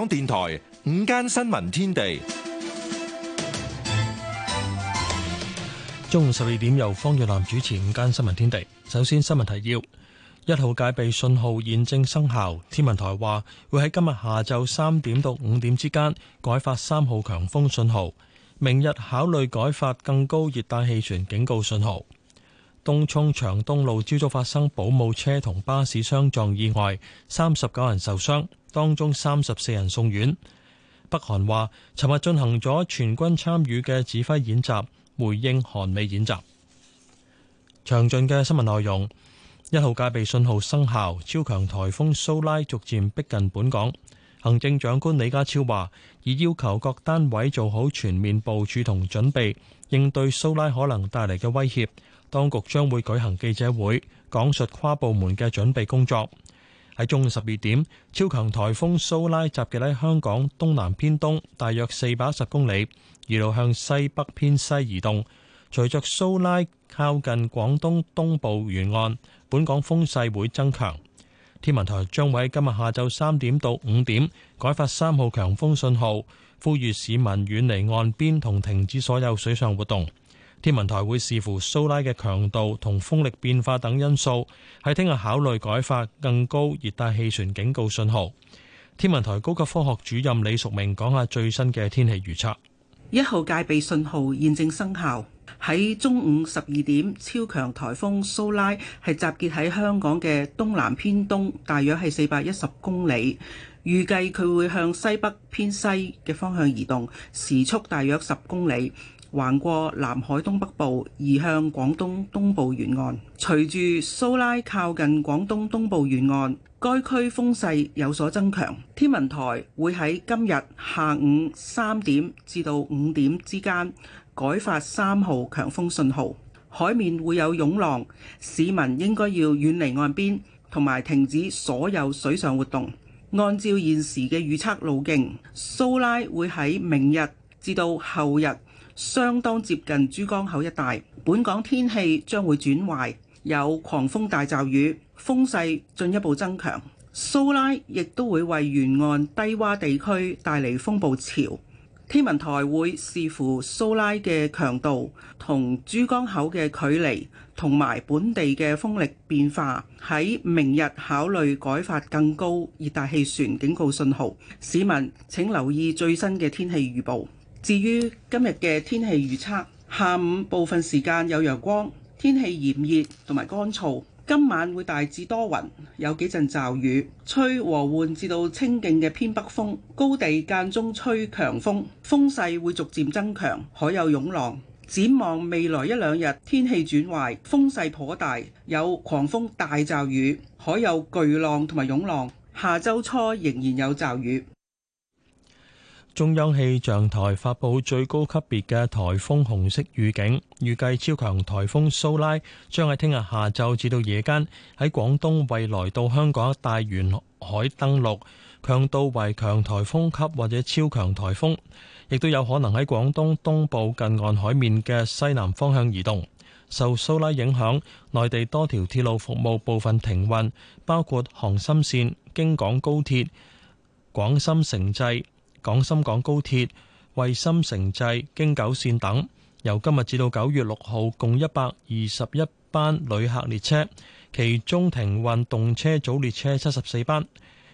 港電台午間新聞天地，中午十二點由方若男主持午間新聞天地。首先新聞提要：一號戒備信號現正生效，天文台話會喺今日下晝三點到五點之間改發三號強風信號，明日考慮改發更高熱帶氣旋警告信號。東涌長東路朝早發生保姆車同巴士相撞意外，三十九人受傷，當中三十四人送院。北韓話，尋日進行咗全軍參與嘅指揮演習，回應韓美演習。詳盡嘅新聞內容，一號戒備信號生效，超強颱風蘇拉逐漸逼近本港。行政長官李家超話，已要求各單位做好全面部署同準備，應對蘇拉可能帶嚟嘅威脅。當局將會舉行記者會，講述跨部門嘅準備工作。喺中午十二點，超強颱風蘇拉集結喺香港東南偏東，大約四百一十公里，一路向西北偏西移動。隨著蘇拉靠近廣東東部沿岸，本港風勢會增強。天文台將會喺今日下晝三點到五點改發三號強風信號，呼籲市民遠離岸邊同停止所有水上活動。天文台會視乎蘇拉嘅強度同風力變化等因素，喺聽日考慮改發更高熱帶氣旋警告信號。天文台高級科學主任李淑明講下最新嘅天氣預測。一號戒備信號現正生效，喺中午十二點，超強颱風蘇拉係集結喺香港嘅東南偏東，大約係四百一十公里。預計佢會向西北偏西嘅方向移動，時速大約十公里。橫過南海東北部，移向廣東東部沿岸。隨住蘇拉靠近廣東東部沿岸，該區風勢有所增強。天文台會喺今日下午三點至到五點之間改發三號強風信號，海面會有湧浪，市民應該要遠離岸邊，同埋停止所有水上活動。按照現時嘅預測路徑，蘇拉會喺明日至到後日，相當接近珠江口一帶，本港天氣將會轉壞，有狂風大驟雨，風勢進一步增強，蘇拉亦都會為沿岸低窪地區帶嚟風暴潮。天文台會視乎蘇拉嘅強度、同珠江口嘅距離，同埋本地嘅風力變化，喺明日考慮改發更高熱帶氣旋警告信號。市民請留意最新嘅天氣預報。至於今日嘅天氣預測，下午部分時間有陽光，天氣炎熱同埋乾燥。今晚會大致多雲，有幾陣驟雨，吹和緩至到清勁嘅偏北風，高地間中吹強風，風勢會逐漸增強，海有湧浪。展望未來一兩日，天氣轉壞，風勢頗大，有狂風大驟雨，海有巨浪同埋湧浪。下周初仍然有驟雨。中央氣象台發布最高級別嘅台風紅色預警，預計超強台風蘇拉將喺聽日下晝至到夜間喺廣東未來到香港大沿海登陸，強度為強台風級或者超強台風，亦都有可能喺廣東東部近岸海面嘅西南方向移動。受蘇拉影響，內地多條鐵路服務部分停運，包括杭深線、京港高鐵、廣深城際。廣深港高鐵、惠深城際、京九線等，由今日至到九月六號，共一百二十一班旅客列車，其中停運動車組列車七十四班。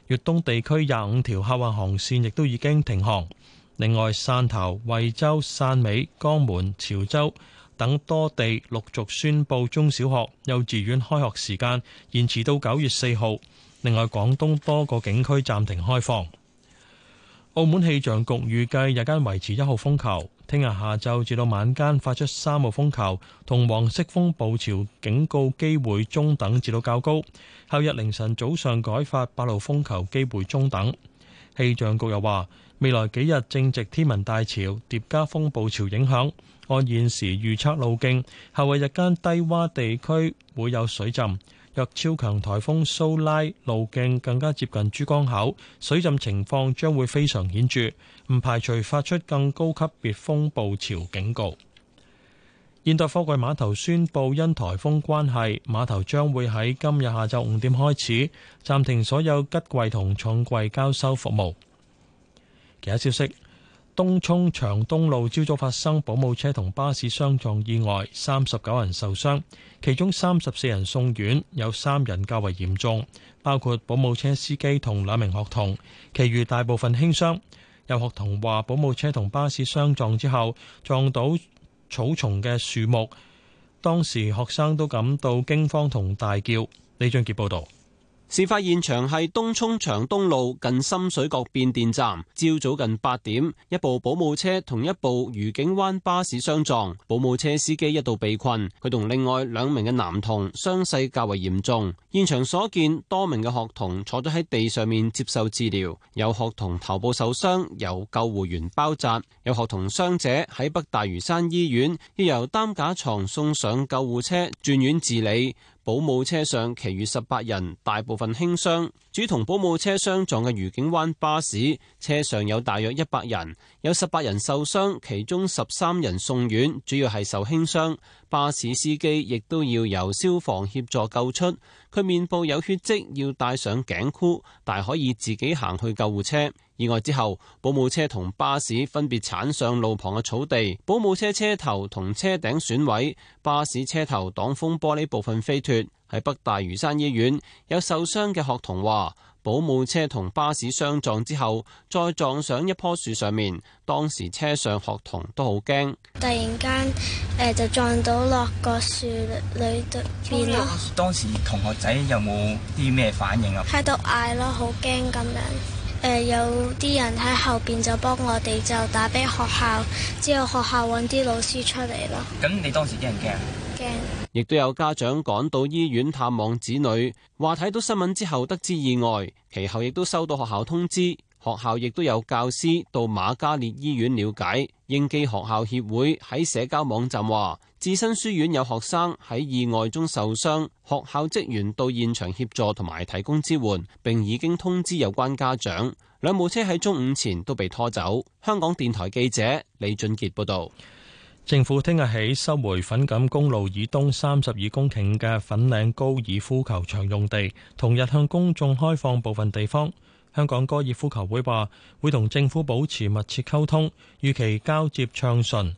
粵東地區廿五條客運航線亦都已經停航。另外，汕頭、惠州、汕尾、江門、潮州等多地陸續宣布中小學、幼稚園開學時間延遲到九月四號。另外，廣東多個景區暫停開放。澳門氣象局預計日間維持一號風球，聽日下晝至到晚間發出三號風球同黃色風暴潮警告機會中等至到較高，後日凌晨早上改發八號風球機會中等。氣象局又話，未來幾日正值天文大潮疊加風暴潮影響，按現時預測路徑，後日日間低窪地區會有水浸。若超強颱風蘇拉路徑更加接近珠江口，水浸情況將會非常顯著，唔排除發出更高級別風暴潮警告。現代貨櫃碼頭宣布，因颱風關係，碼頭將會喺今日下晝五點開始暫停所有吉櫃同重櫃交收服務。其他消息。東涌長東路朝早發生保姆車同巴士相撞意外，三十九人受傷，其中三十四人送院，有三人較為嚴重，包括保姆車司機同兩名學童，其餘大部分輕傷。有學童話，保姆車同巴士相撞之後撞到草叢嘅樹木，當時學生都感到驚慌同大叫。李俊傑報道。事發現場係東涌長東路近深水角變電站，朝早近八點，一部保姆車同一部愉景灣巴士相撞，保姆車司機一度被困，佢同另外兩名嘅男童傷勢較為嚴重。現場所見，多名嘅學童坐咗喺地上面接受治療，有學童頭部受傷，由救護員包紮，有學童傷者喺北大嶼山醫院，要由擔架床送上救護車轉院治理。保姆車上其餘十八人大部分輕傷，主同保姆車相撞嘅愉景灣巴士車上有大約一百人，有十八人受傷，其中十三人送院，主要係受輕傷。巴士司機亦都要由消防協助救出。佢面部有血跡，要戴上頸箍，但可以自己行去救護車。意外之後，保姆車同巴士分別鏟上路旁嘅草地，保姆車車頭同車頂損毀，巴士車頭擋風玻璃部分飛脫。喺北大嶼山醫院，有受傷嘅學童話。保姆車同巴士相撞之後，再撞上一棵樹上面。當時車上學童都好驚，突然間誒、呃、就撞到落個樹裏邊咯。當時同學仔有冇啲咩反應啊？喺度嗌咯，好驚咁樣。誒、呃，有啲人喺後邊就幫我哋就打俾學校，之後學校搵啲老師出嚟咯。咁你當時驚唔驚？驚。亦都有家長趕到醫院探望子女，話睇到新聞之後得知意外，其後亦都收到學校通知。學校亦都有教師到瑪嘉烈醫院了解。英基學校協會喺社交網站話，自身書院有學生喺意外中受傷，學校職員到現場協助同埋提供支援，並已經通知有關家長。兩部車喺中午前都被拖走。香港電台記者李俊傑報導。政府聽日起收回粉錦公路以東三十二公頃嘅粉嶺高爾夫球場用地，同日向公眾開放部分地方。香港高爾夫球會話會同政府保持密切溝通，預期交接暢順，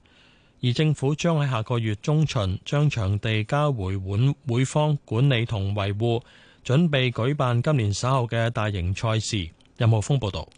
而政府將喺下個月中旬將場地交回球會方管理同維護，準備舉辦今年稍後嘅大型賽事。任浩峰報道。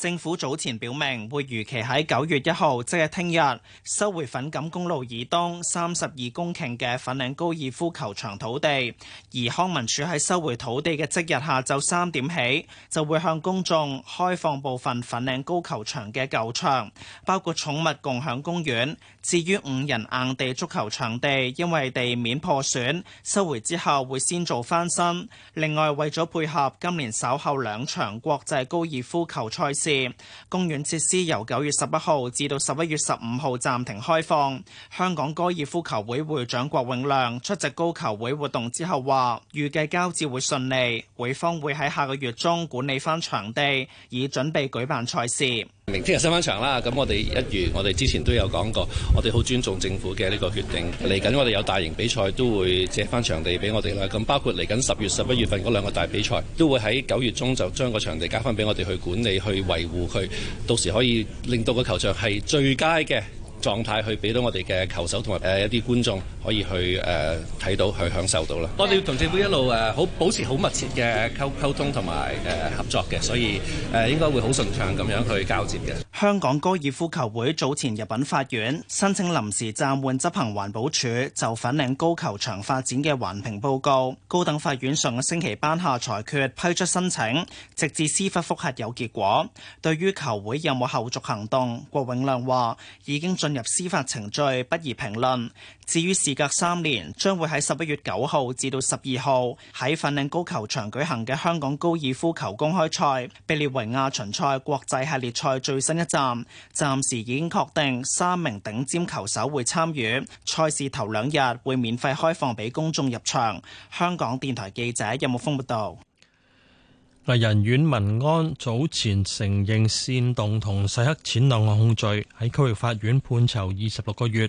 政府早前表明，會如期喺九月一號即係聽日，就是，收回粉錦公路以東三十二公頃嘅粉嶺高爾夫球場土地。而康文署喺收回土地嘅即日下晝三點起，就會向公眾開放部分粉嶺高球場嘅舊場，包括寵物共享公園。至於五人硬地足球場地，因為地面破損，收回之後會先做翻新。另外，為咗配合今年稍後兩場國際高爾夫球賽事，公園設施由九月十一號至到十一月十五號暫停開放。香港高爾夫球會會長郭永亮出席高球會活動之後話，預計交接會順利，會方會喺下個月中管理翻場地，以準備舉辦賽事。明天日收翻場啦，咁我哋一如我哋之前都有講過，我哋好尊重政府嘅呢個決定。嚟緊我哋有大型比賽都會借翻場地俾我哋啦。咁包括嚟緊十月十一月份嗰兩個大比賽，都會喺九月中就將個場地交翻俾我哋去管理、去維護佢，到時可以令到個球場係最佳嘅狀態去俾到我哋嘅球手同埋誒，一啲觀眾可以去誒睇，呃、到去享受到啦。 我哋要同政府一路誒好保持好密切嘅溝溝通同埋誒合作嘅，所以誒、呃、應該會好順暢咁樣去交接嘅。香港高爾夫球會早前入稟法院，申請臨時暫緩執行環保署就粉嶺高球場發展嘅環評報告。高等法院上個星期頒下裁決，批出申請，直至司法複核有結果。對於球會有冇後續行動，郭永亮話已經進入司法程序，不宜評論。至於事隔三年，將會喺十一月九號至到十二號喺粉嶺高球場舉行嘅香港高爾夫球公開賽，被列為亞巡賽國際系列賽最新一站，暫時已經確定三名頂尖球手會參與。賽事頭兩日會免費開放俾公眾入場。香港電台記者任木峰報道。藝人阮文安早前承認煽動同洗黑錢兩項控罪，喺區域法院判囚二十六個月。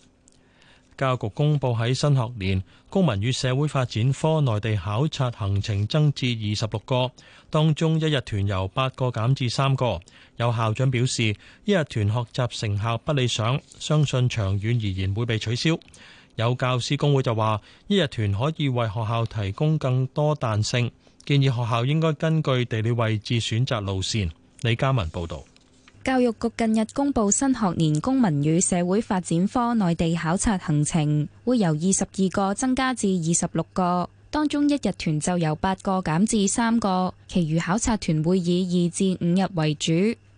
教育局公布喺新學年公民與社會發展科內地考察行程增至二十六個，當中一日團由八個減至三個。有校長表示，一日團學習成效不理想，相信長遠而言會被取消。有教師工會就話，一日團可以為學校提供更多彈性，建議學校應該根據地理位置選擇路線。李嘉文報道。教育局近日公布新學年公民與社會發展科內地考察行程，會由二十二個增加至二十六個，當中一日團就由八個減至三個，其餘考察團會以二至五日為主。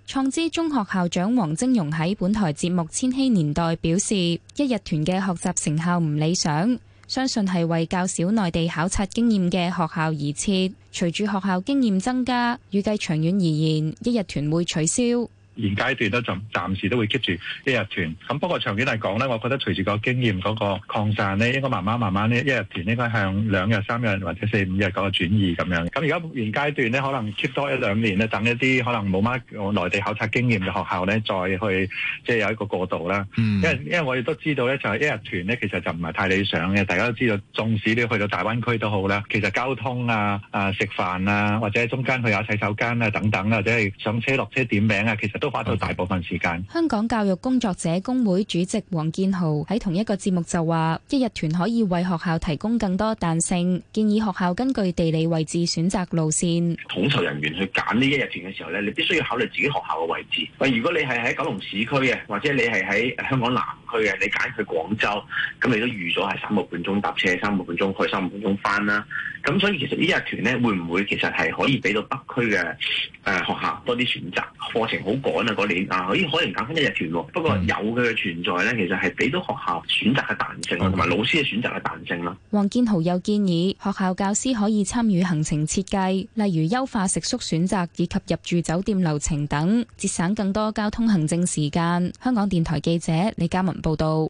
創知中學校長黃晶榮喺本台節目《千禧年代》表示，一日團嘅學習成效唔理想，相信係為較少內地考察經驗嘅學校而設。隨住學校經驗增加，預計長遠而言，一日團會取消。現階段咧就暫時都會 keep 住一日團，咁不過長遠嚟講咧，我覺得隨住個經驗嗰個擴散咧，應該慢慢慢慢咧一日團應該向兩日、三日或者四五日嗰個轉移咁樣。咁而家現階段咧，可能 keep 多一兩年咧，等一啲可能冇乜內地考察經驗嘅學校咧，再去即係、就是、有一個過渡啦、嗯。因為因為我亦都知道咧，就係、是、一日團咧，其實就唔係太理想嘅。大家都知道，縱使你去到大灣區都好啦，其實交通啊、啊食飯啊，或者中間去下洗手間啊等等，啊，或者係上車落車點名啊，其實。都花咗大部分時間。香港教育工作者工會主席黃建豪喺同一個節目就話：一日團可以為學校提供更多彈性，建議學校根據地理位置選擇路線。統籌人員去揀呢一日團嘅時候咧，你必須要考慮自己學校嘅位置。喂，如果你係喺九龍市區嘅，或者你係喺香港南區嘅，你揀去廣州，咁你都預咗係三個半鐘搭車，三個半鐘去，三個半鐘返啦。咁所以其實呢一日團咧，會唔會其實係可以俾到北區嘅誒學校多啲選擇？課程好廣。年啊，可以可能搞翻一日團喎。不過有佢嘅存在呢，其實係俾到學校選擇嘅彈性同埋老師嘅選擇嘅彈性啦。黃建豪又建議學校教師可以參與行程設計，例如優化食宿選擇以及入住酒店流程等，節省更多交通行政時間。香港電台記者李嘉文報道。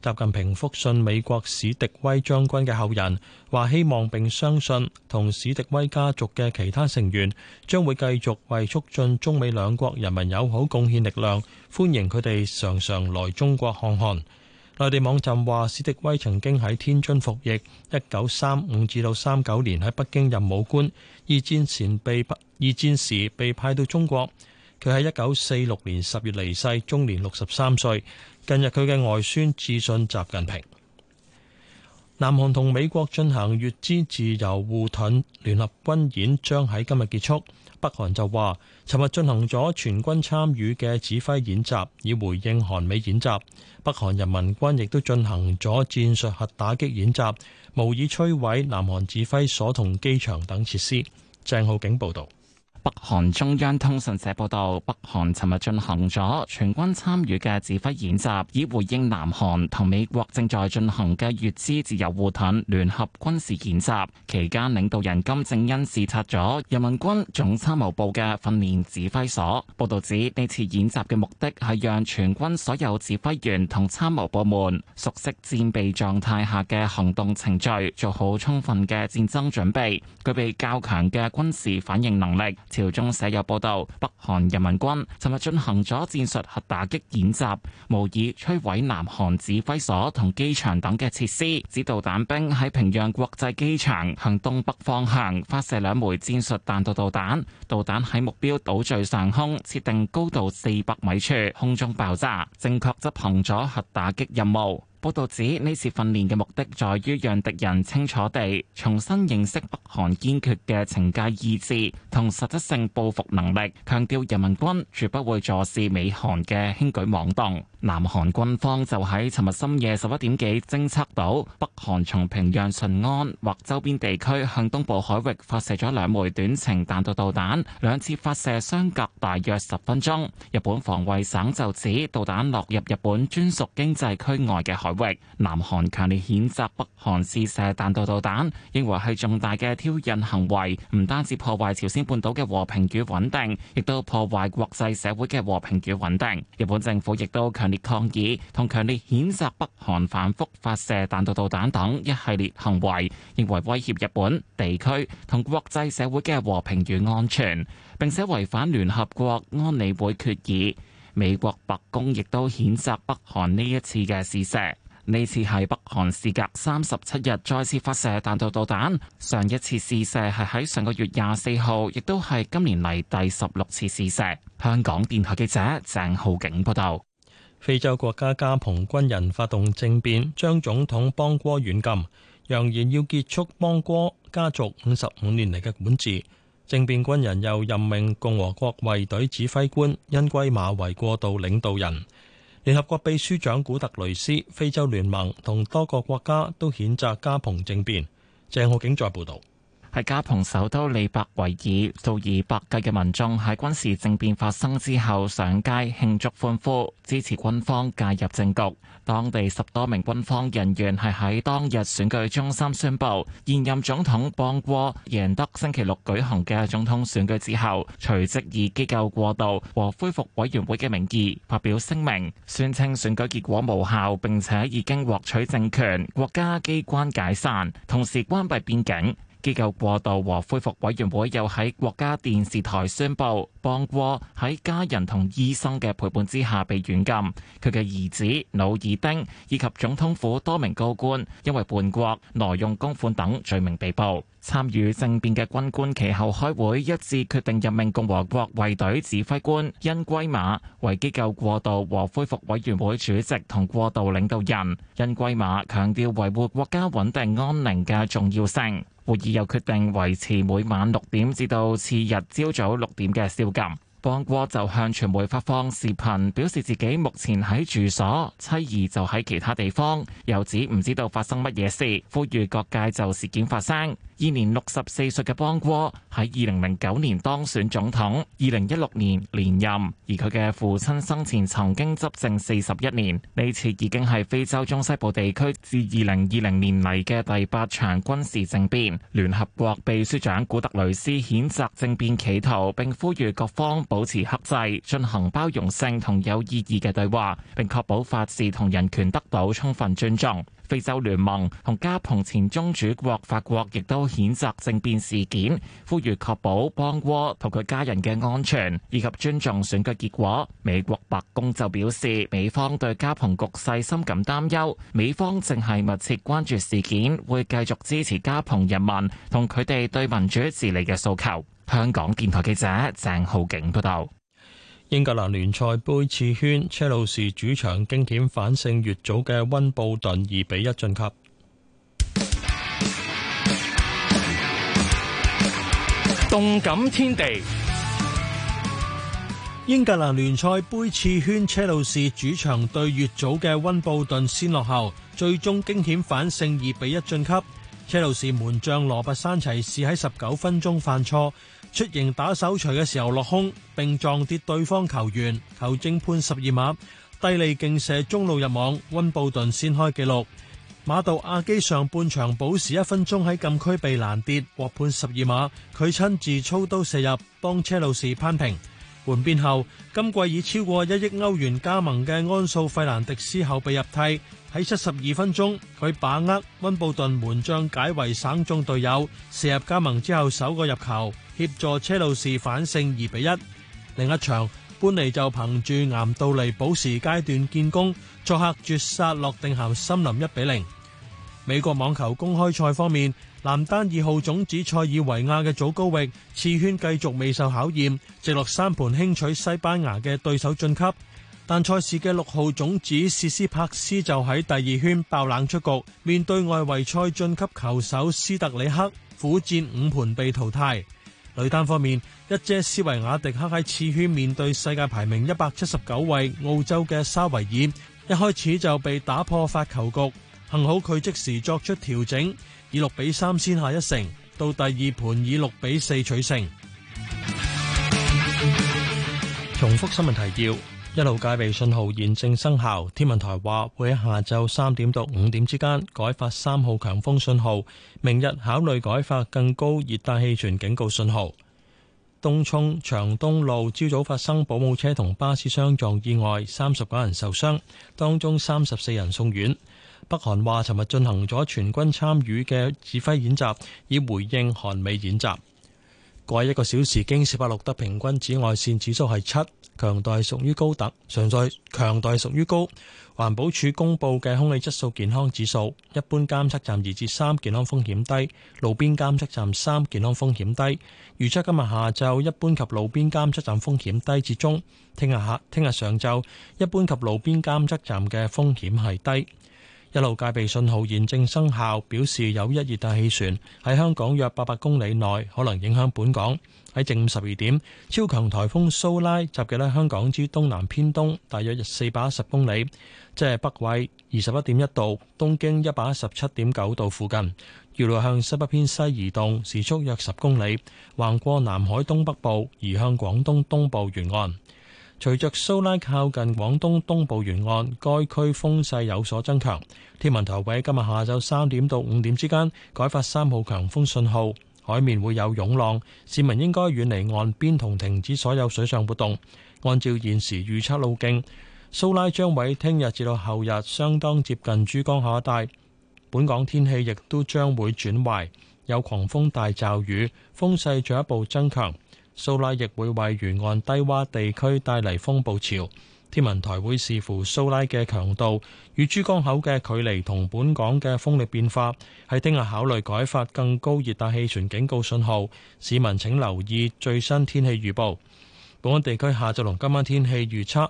習近平復信美國史迪威將軍嘅後人，話希望並相信同史迪威家族嘅其他成員將會繼續為促進中美兩國人民友好貢獻力量，歡迎佢哋常常來中國看看。內地網站話，史迪威曾經喺天津服役，一九三五至到三九年喺北京任武官，二戰前被二戰時被派到中國。佢喺一九四六年十月離世，終年六十三歲。近日佢嘅外孫致信習近平。南韓同美國進行越之自由護盾聯合軍演將喺今日結束。北韓就話尋日進行咗全軍參與嘅指揮演習，以回應韓美演習，北韓人民軍亦都進行咗戰術核打擊演習，模擬摧毀南韓指揮所同機場等設施。鄭浩景報道。北韓中央通訊社報導，北韓尋日進行咗全軍參與嘅指揮演習，以回應南韓同美國正在進行嘅乙支自由護盾聯合軍事演習。期間，領導人金正恩視察咗人民軍總參謀部嘅訓練指揮所。報導指，呢次演習嘅目的係讓全軍所有指揮員同參謀部門熟悉戰備狀態下嘅行動程序，做好充分嘅戰爭準備，具備較強嘅軍事反應能力。朝中社有報道，北韓人民軍尋日進行咗戰術核打擊演習，模擬摧毀南韓指揮所同機場等嘅設施。指導彈兵喺平壤國際機場向東北方向發射兩枚戰術彈道導彈，導彈喺目標島嶼上空設定高度四百米處空中爆炸，正確執行咗核打擊任務。報道指呢次訓練嘅目的，在於讓敵人清楚地重新認識北韓堅決嘅懲戒意志同實質性報復能力，強調人民軍絕不會坐視美韓嘅輕舉妄動。南韓軍方就喺尋日深夜十一點幾偵測到北韓從平壤順安或周邊地區向東部海域發射咗兩枚短程彈道導彈，兩次發射相隔大約十分鐘。日本防衛省就指導彈落入日本專屬經濟區外嘅海域。南韓強烈譴責北韓試射彈道導彈，認為係重大嘅挑釁行為，唔單止破壞朝鮮半島嘅和平與穩定，亦都破壞國際社會嘅和平與穩定。日本政府亦都強烈抗議同強烈譴責北韓反覆發射彈道導彈等一系列行為，認為威脅日本地區同國際社會嘅和平與安全，並且違反聯合國安理會決議。美國白宮亦都譴責北韓呢一次嘅試射，呢次係北韓事隔三十七日再次發射彈道導彈，上一次試射係喺上個月廿四號，亦都係今年嚟第十六次試射。香港電台記者鄭浩景報道。非洲國家加蓬軍人發動政變，將總統邦戈軟禁，揚言要結束邦戈家族五十五年嚟嘅管治。政變軍人又任命共和國衛隊指揮官恩圭馬為過渡領導人。聯合國秘書長古特雷斯、非洲聯盟同多個國家都譴責加蓬政變。鄭浩景再報道。喺加蓬首都利伯維爾，數以百計嘅民眾喺軍事政變發生之後上街慶祝歡呼，支持軍方介入政局。當地十多名軍方人員係喺當日選舉中心宣布現任總統邦戈贏得星期六舉行嘅總統選舉之後隨即以機構過渡和恢復委員會嘅名義發表聲明，宣稱選舉結果無效，並且已經獲取政權，國家機關解散，同時關閉邊境。機構過渡和恢復委員會又喺國家電視台宣布，邦戈喺家人同醫生嘅陪伴之下被軟禁。佢嘅兒子努爾丁以及總統府多名高官因為叛國、挪用公款等罪名被捕。參與政變嘅軍官其後開會一致決定任命共和國衛隊指揮官恩圭馬為機構過渡和恢復委員會主席同過渡領導人。恩圭馬強調維護國家穩定安寧嘅重要性。會議又決定維持每晚六點至到次日朝早六點嘅宵禁。邦戈就向傳媒發放視頻，表示自己目前喺住所，妻兒就喺其他地方，又指唔知道發生乜嘢事，呼籲各界就事件發聲，現年六十四歲嘅邦戈喺二零零九年當選總統，二零一六年連任，而佢嘅父親生前曾經執政四十一年。呢次已經係非洲中西部地區至二零二零年嚟嘅第八場軍事政變。聯合國秘書長古特雷斯譴責政變企圖，並呼籲各方。保持克制，進行包容性同有意義嘅對話，並確保法治同人權得到充分尊重。非洲聯盟同加蓬前宗主國法國亦都譴責政變事件，呼籲確保邦戈同佢家人嘅安全，以及尊重選舉結果。美國白宮就表示，美方對加蓬局勢深感擔憂，美方正係密切關注事件，會繼續支持加蓬人民同佢哋對民主治理嘅訴求。香港電台記者鄭浩景報道：英格蘭聯賽盃次圈車路士主場驚險反勝越早嘅溫布頓二比一晉級。動感天地，英格蘭聯賽盃次圈車路士主場對越早嘅溫布頓先落後，最終驚險反勝二比一晉級。車路士門將羅拔山齊士喺十九分鐘犯錯。出迎打手錘嘅時候落空，並撞跌對方球員，球證判十二碼，蒂利勁射中路入網，溫布頓先開紀錄。馬杜阿基上半場補時一分鐘喺禁區被攔跌，獲判十二碼，佢親自操刀射入，幫車路士扳平。換邊後，今季以超過一億歐元加盟嘅安素費蘭迪斯後備入替，喺七十二分鐘，佢把握溫布頓門將解圍，省中隊友射入加盟之後首個入球。協助車路士反勝二比一。另一場，般尼就憑住岩道尼補時階段建功，作客絕殺諾定咸森林一比零。美國網球公開賽方面，男單二號種子塞爾維亞嘅祖高域次圈繼續未受考驗，直落三盤輕取西班牙嘅對手晉級。但賽事嘅六號種子施斯帕斯就喺第二圈爆冷出局，面對外圍賽晉級球手斯特里克苦戰五盤被淘汰。女單方面，一姐斯維亞迪克喺次圈面對世界排名一百七十九位澳洲嘅沙維爾，一開始就被打破發球局，幸好佢即時作出調整，以六比三先下一城，到第二盤以六比四取勝。重複新聞提要。一路戒備信號現正生效，天文台話會喺下晝三點到五點之間改發三號強風信號，明日考慮改發更高熱帶氣旋警告信號。東涌長東路朝早發生保姆車同巴士相撞意外，三十九人受傷，當中三十四人送院。北韓話尋日進行咗全軍參與嘅指揮演習，以回應韓美演習。過去一個小時，京士柏錄得平均紫外線指數係七，強度屬於高，特常在強度屬於高。環保署公布嘅空氣質素健康指數，一般監測站二至三，健康風險低；路邊監測站三，健康風險低。預測今日下晝一般及路邊監測站風險低至中，聽日下聽日上晝一般及路邊監測站嘅風險係低。一路戒備信號現正生效，表示有一熱帶氣旋，喺香港約800公里內，可能影響本港。喺正午十二點，超強台風蘇拉集結了香港之東南偏東大約約410公里，即係北緯21.1度，東經117.9度附近。原來向西北偏西移動時速約10公里，橫過南海東北部，移向廣東東部沿岸。隨着蘇拉靠近廣東東部沿岸，該區風勢有所增強。天文台喺今日下晝三點到五點之間改發三號強風信號，海面會有湧浪，市民應該遠離岸邊同停止所有水上活動。按照現時預測路徑，蘇拉將會聽日至到後日相當接近珠江口一帶，本港天氣亦都將會轉壞，有狂風大驟雨，風勢進一步增強。蘇拉亦會為沿岸低洼地區帶嚟風暴潮，天文台會視乎蘇拉嘅強度、與珠江口嘅距離同本港嘅風力變化，喺聽日考慮改發更高熱帶氣旋警告信號。市民請留意最新天氣預報。本港地區下晝同今晚天氣預測：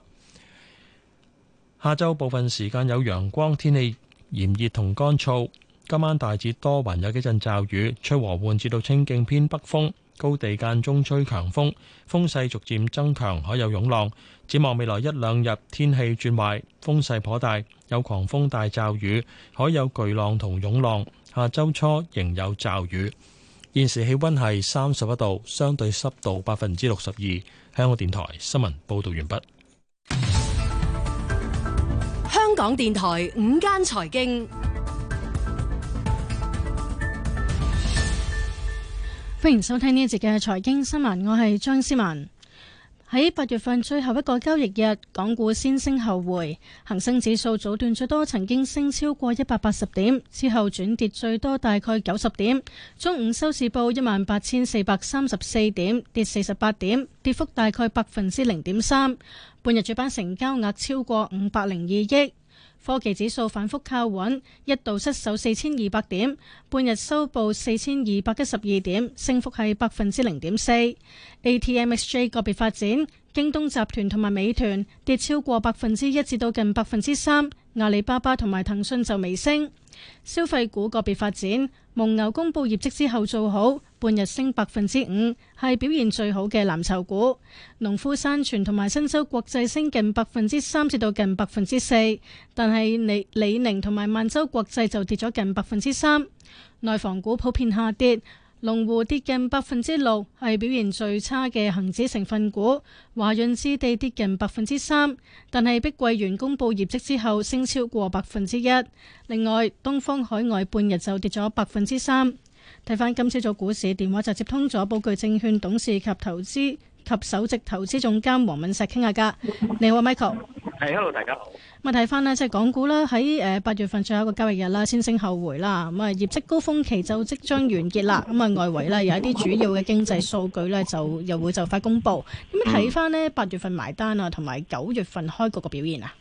下晝部分時間有陽光，天氣炎熱同乾燥；今晚大致多雲，有幾陣驟雨，吹和緩至到清勁偏北風。高地間中吹強風，風勢逐漸增強，可有湧浪。展望未來一兩日天氣轉壞，風勢頗大，有狂風大驟雨，可有巨浪同湧浪。下周初仍有驟雨。現時氣溫係三十一度，相對濕度百分之六十二。香港電台新聞報道完畢。香港電台午間財經。歡迎收聽呢一節嘅財經新聞，我係張思文。喺八月份最後一個交易日，港股先升後回，恒生指數早段最多曾經升超過一百八十點，之後轉跌最多大概九十點。中午收市報一萬八千四百三十四點，跌四十八點，跌幅大概百分之零點三。半日主板成交額超過五百零二億。科技指數反覆靠穩，一度失守四千二百點，半日收報四千二百一十二點，升幅係百分之零點四。ATMXJ 個別發展，京東集團同埋美團跌超過百分之一至到近百分之三，阿里巴巴同埋騰訊就微升。消費股個別發展，蒙牛公布業績之後做好。半日升百分之五，係表現最好嘅藍籌股，農夫山泉同埋新洲國際升近百分之三，至到近百分之四。但係李李寧同埋萬洲國際就跌咗近百分之三。內房股普遍下跌，龍湖跌近百分之六，係表現最差嘅恒指成分股。華潤置地跌近百分之三，但係碧桂園公布業績之後升超過百分之一。另外，東方海外半日就跌咗百分之三。睇翻今朝早股市電話就接通咗，寶具證券董事及投資及首席投資總監黃敏石傾下噶。 你好，Michael。hello，大家好。咁啊，睇翻咧，即係港股啦，喺誒八月份最後一個交易日啦，先升後回啦。咁啊，業績高峰期就即將完結啦。咁啊，外圍呢，有一啲主要嘅經濟數據呢，就又會就快公布。點樣睇翻呢八月份埋單啊，同埋九月份開局嘅表現啊？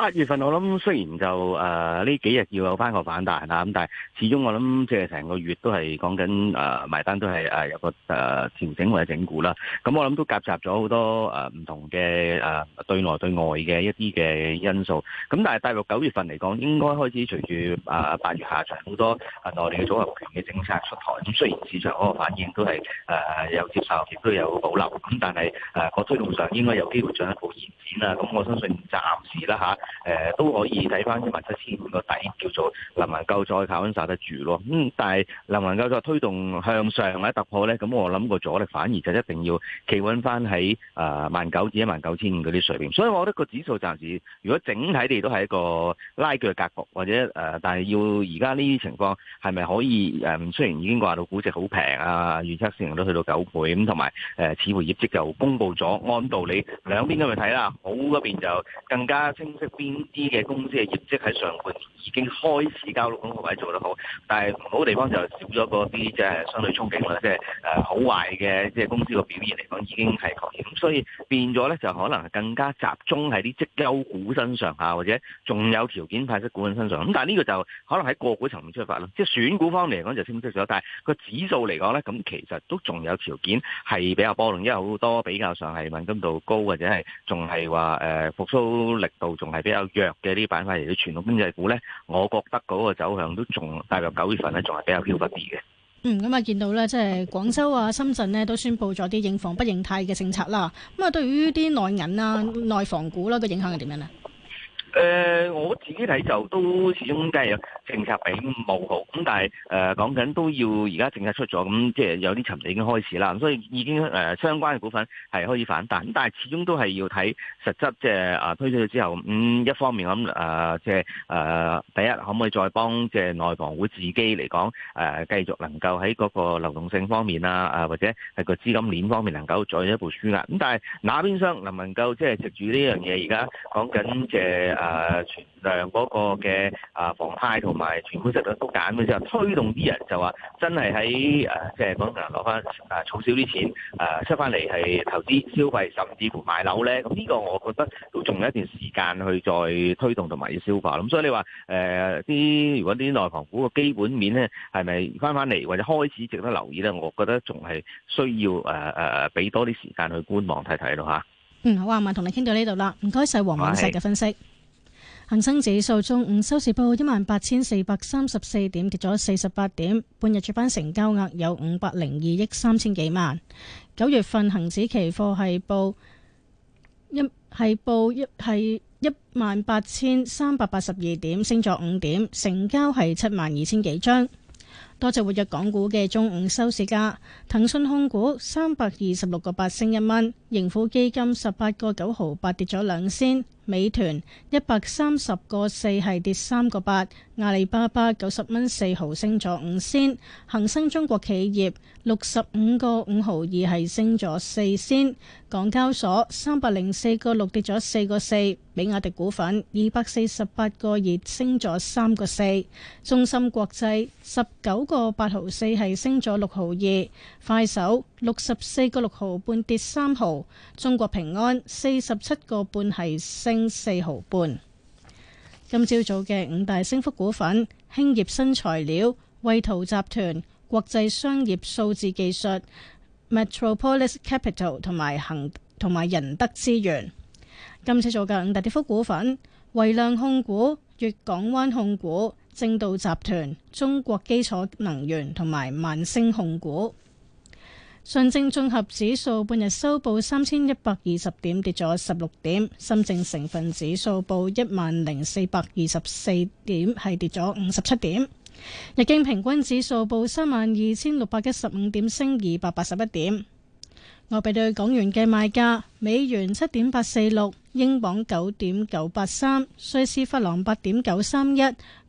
八月份我諗雖然就誒呢幾日要有翻個反彈啦，咁但係始終我諗即係成個月都係講緊誒埋單都係誒有個誒調整或者整固啦。咁、嗯、我諗都夾雜咗好多誒唔、啊、同嘅誒對內對外嘅一啲嘅因素。咁但係踏入九月份嚟講，應該開始隨住誒八月下旬好多內地嘅組合權嘅政策出台，咁雖然市場嗰個反應都係誒、啊、有接受亦都有保留，咁但係誒個推動上應該有機會進一步延展啦。咁我相信暫時啦吓。啊誒 都可以睇翻一萬七千五個底叫做能唔能夠再靠揾曬得住咯？嗯，但係能唔能夠再推動向上或者突破咧？咁我諗個阻力反而就一定要企穩翻喺啊，萬九至一萬九千五嗰啲水平。所以我覺得個指數暫時如果整體地都係一個拉鋸嘅格局，或者誒，但係要而家呢啲情況係咪可以誒？雖然已經話到估值好平啊，預測市盈都去到九倍咁，同埋誒似乎業績就公布咗，按道理兩邊都去睇啦。好嗰邊就更加清晰。邊啲嘅公司嘅業績喺上半年已經開始交到嗰個位做得好，但係唔好嘅地方就少咗嗰啲即係相對憧憬啦，即係誒好壞嘅即係公司個表現嚟講已經係確認，咁所以變咗咧就可能更加集中喺啲績優股身上啊，或者仲有條件派息股嘅身上。咁但係呢個就可能喺個股層面出發咯，即係選股方面嚟講就清晰咗，但係個指數嚟講咧，咁其實都仲有條件係比較波動，因為好多比較上係敏感度高或者係仲係話誒復甦力度仲係。比較弱嘅呢啲板塊嚟到傳統經濟股咧，我覺得嗰個走向都仲大約九月份咧，仲係比較飄忽啲嘅。嗯，咁啊，見到咧，即係廣州啊、深圳咧，都宣布咗啲認房不認貸嘅政策啦。咁啊，對於啲內銀啊、內房股啦個影響係點樣咧？誒，我自己睇就都始終都係。政策已經冇好，咁但係誒、呃、講緊都要，而家政策出咗，咁、嗯、即係有啲尋日已經開始啦，所以已經誒、呃、相關嘅股份係可以反彈，咁但係始終都係要睇實質，即係誒、啊、推出咗之後，咁、嗯、一方面咁誒、呃、即係誒、呃、第一可唔可以再幫即係內房股自己嚟講誒、呃、繼續能夠喺嗰個流動性方面啊，啊或者係個資金鏈方面能夠再一步輸壓，咁但係那邊商能唔能夠即係藉住呢樣嘢？而家講緊即係誒存量嗰個嘅啊房貸同。同埋存款息率都減嘅時候，推動啲人就話真係喺誒，即係講啊攞翻啊儲少啲錢，誒出翻嚟係投資消費，甚至乎買樓咧。咁呢個我覺得都仲有一段時間去再推動同埋要消化。咁所以你話誒啲如果啲內房股嘅基本面咧係咪翻翻嚟，或者開始值得留意咧？我覺得仲係需要誒誒俾多啲時間去觀望睇睇咯嚇。嗯，好啊，阿文同你傾到呢度啦，唔該晒黃敏石嘅分析。恒生指數中午收市報一萬八千四百三十四點，跌咗四十八點。半日主板成交額有五百零二億三千幾萬。九月份恒指期貨係報一係報一係一萬八千三百八十二點，升咗五點，成交係七萬二千幾張。多隻活躍港股嘅中午收市價，騰訊控股三百二十六個八升一蚊，盈富基金十八個九毫八跌咗兩仙。美團一百三十個四係跌三個八。阿里巴巴九十蚊四毫升咗五仙，恒生中國企業六十五個五毫二係升咗四仙，港交所三百零四個六跌咗四個四，比亞迪股份二百四十八個二升咗三個四，中芯國際十九個八毫四係升咗六毫二，快手六十四個六毫半跌三毫，中國平安四十七個半係升四毫半。今朝早嘅五大升幅股份：興業新材料、惠圖集團、國際商業數字技術、Metropolis Capital 同埋恆同埋仁德資源。今次早嘅五大跌幅股份：維量控股、粵港灣控股、正道集團、中國基礎能源同埋萬星控股。上證綜合指數半日收報三千一百二十點，跌咗十六點。深證成分指數報一萬零四百二十四點，係跌咗五十七點。日經平均指數報三萬二千六百一十五點，升二百八十一點。外幣兌港元嘅賣價：美元七點八四六，英鎊九點九八三，瑞士法郎八點九三一，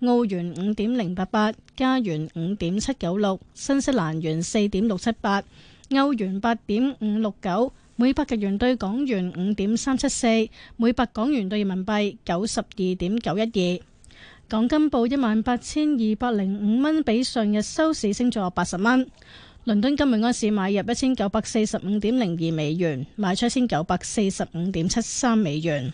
澳元五點零八八，加元五點七九六，新西蘭元四點六七八。歐元八點五六九，每百日元兌港元五點三七四，每百港元兌人民幣九十二點九一二。港金報一萬八千二百零五蚊，比上日收市升咗八十蚊。倫敦金今日開市買入一千九百四十五點零二美元，賣出一千九百四十五點七三美元。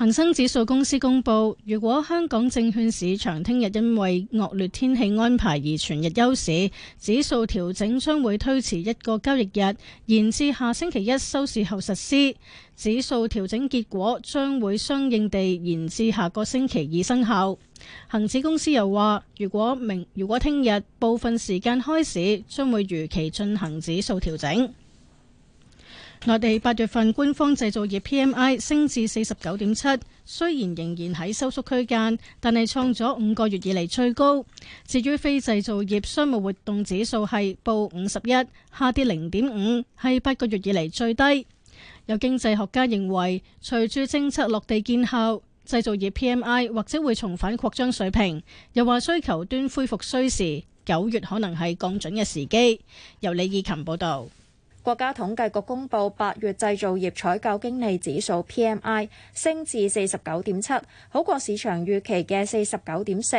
恒生指數公司公布，如果香港證券市場聽日因為惡劣天氣安排而全日休市，指數調整將會推遲一個交易日，延至下星期一收市後實施。指數調整結果將會相應地延至下個星期二生效。恒指公司又話，如果明如果聽日部分時間開市，將會如期進行指數調整。內地八月份官方製造業 PMI 升至四十九點七，雖然仍然喺收縮區間，但係創咗五個月以嚟最高。至於非製造業商務活動指數係報五十一，下跌零點五，係八個月以嚟最低。有經濟學家認為，隨住政策落地見效，製造業 PMI 或者會重返擴張水平。又話需求端恢復需時，九月可能係降準嘅時機。由李義琴報道。國家統計局公布八月製造業採購經理指數 PMI 升至四十九點七，好過市場預期嘅四十九點四，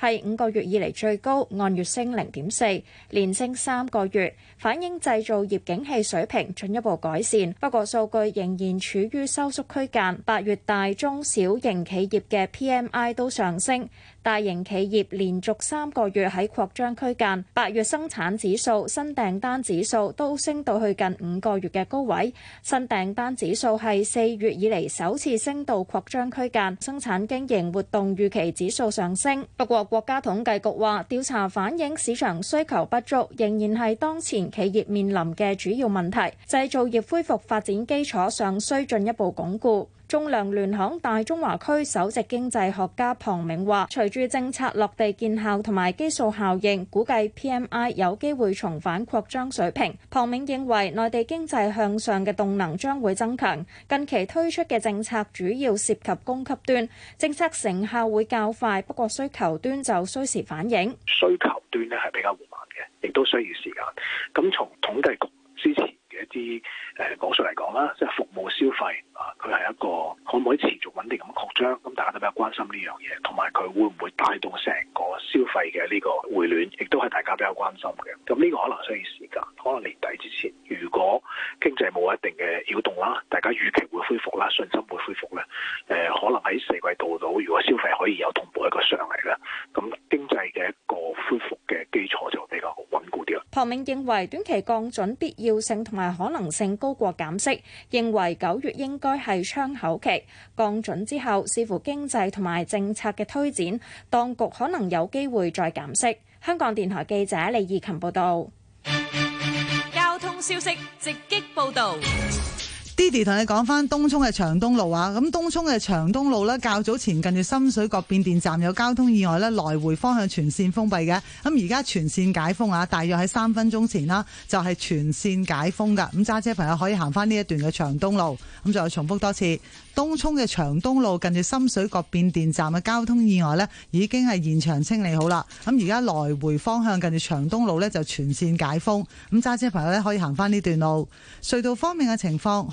係五個月以嚟最高，按月升零點四，連升三個月，反映製造業景氣水平進一步改善。不過數據仍然處於收縮區間，八月大中小型企業嘅 PMI 都上升。大型企業連續三個月喺擴張區間，八月生產指數、新訂單指數都升到去近五個月嘅高位。新訂單指數係四月以嚟首次升到擴張區間，生產經營活動預期指數上升。不過，國家統計局話，調查反映市場需求不足仍然係當前企業面臨嘅主要問題，製造業恢復發展基礎尚需進一步鞏固。中量聯行大中華區首席經濟學家龐明話，隨住政策落地見效同埋基數效應，估計 PMI 有機會重返擴張水平。龐明認為，內地經濟向上嘅動能將會增強。近期推出嘅政策主要涉及供給端，政策成效會較快，不過需求端就需時反應。需求端呢係比較緩慢嘅，亦都需要時間。咁從統計局支持。啲誒講述嚟講啦，即係服務消費啊，佢係一個可唔可以持續穩定咁擴張？咁大家都比較關心呢樣嘢，同埋佢會唔會帶動成個消費嘅呢個回暖，亦都係大家比較關心嘅。咁呢個可能需要時間，可能年底之前，如果經濟冇一定嘅擾動啦，大家預期會恢復啦，信心會恢復咧，誒、呃、可能喺四季度度，如果消費可以有同步一個上嚟啦，咁經濟嘅一個恢復嘅基礎就比較穩固啲啦。唐銘認為短期降準必要性同埋可能性高過減息，認為九月應該係窗口期。降準之後，視乎經濟同埋政策嘅推展，當局可能有機會再減息。香港電台記者李義琴報道。交通消息，直擊報道。Didi 同你講翻東涌嘅長東路啊，咁東涌嘅長東路呢，較早前近住深水角變電站有交通意外呢，來回方向全線封閉嘅，咁而家全線解封啊，大約喺三分鐘前啦，就係全線解封噶，咁揸車朋友可以行翻呢一段嘅長東路，咁再重複多次，東涌嘅長東路近住深水角變電站嘅交通意外呢，已經係現場清理好啦，咁而家來回方向近住長東路呢，就全線解封，咁揸車朋友呢，可以行翻呢段路，隧道方面嘅情況。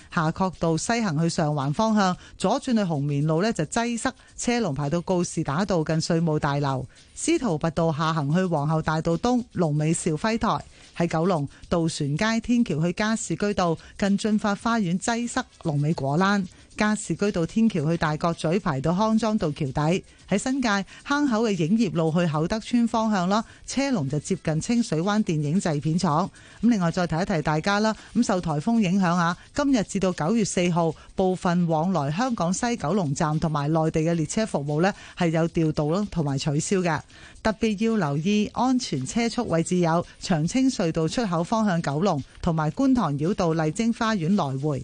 夏慤道西行去上環方向，左轉去紅棉路呢就擠塞，車龍排到告士打道近稅務大樓。司徒拔道下行去皇后大道東，龍尾兆輝台。喺九龍渡船街天橋去加士居道近駿發花園擠塞，龍尾果欄。加士居道天橋去大角咀排到康莊道橋底，喺新界坑口嘅影業路去厚德村方向咯，車龍就接近清水灣電影製片廠。咁另外再提一提大家啦，咁受台風影響啊，今日至到九月四號，部分往來香港西九龍站同埋內地嘅列車服務呢係有調度咯，同埋取消嘅。特別要留意安全車速位置有長青隧道出口方向九龍，同埋觀塘繞道麗晶花園來回。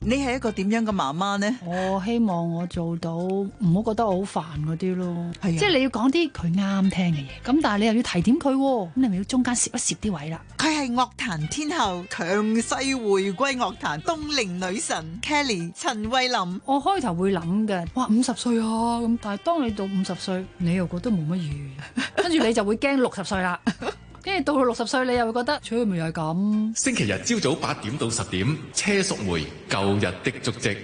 你係一個點樣嘅媽媽呢？我希望我做到唔好覺得我好煩嗰啲咯，啊、即係你要講啲佢啱聽嘅嘢。咁但係你又要提點佢，咁你咪要中間攝一攝啲位啦。佢係樂壇天后，強勢回歸樂壇，東陵女神 Kelly 陳慧琳。我開頭會諗嘅，哇五十歲啊咁，但係當你到五十歲，你又覺得冇乜嘢，跟住 你就會驚六十歲啦。 跟住到佢六十歲，你又會覺得楚雨梅又係咁。星期日朝早八點到十點，車淑梅舊日的足跡。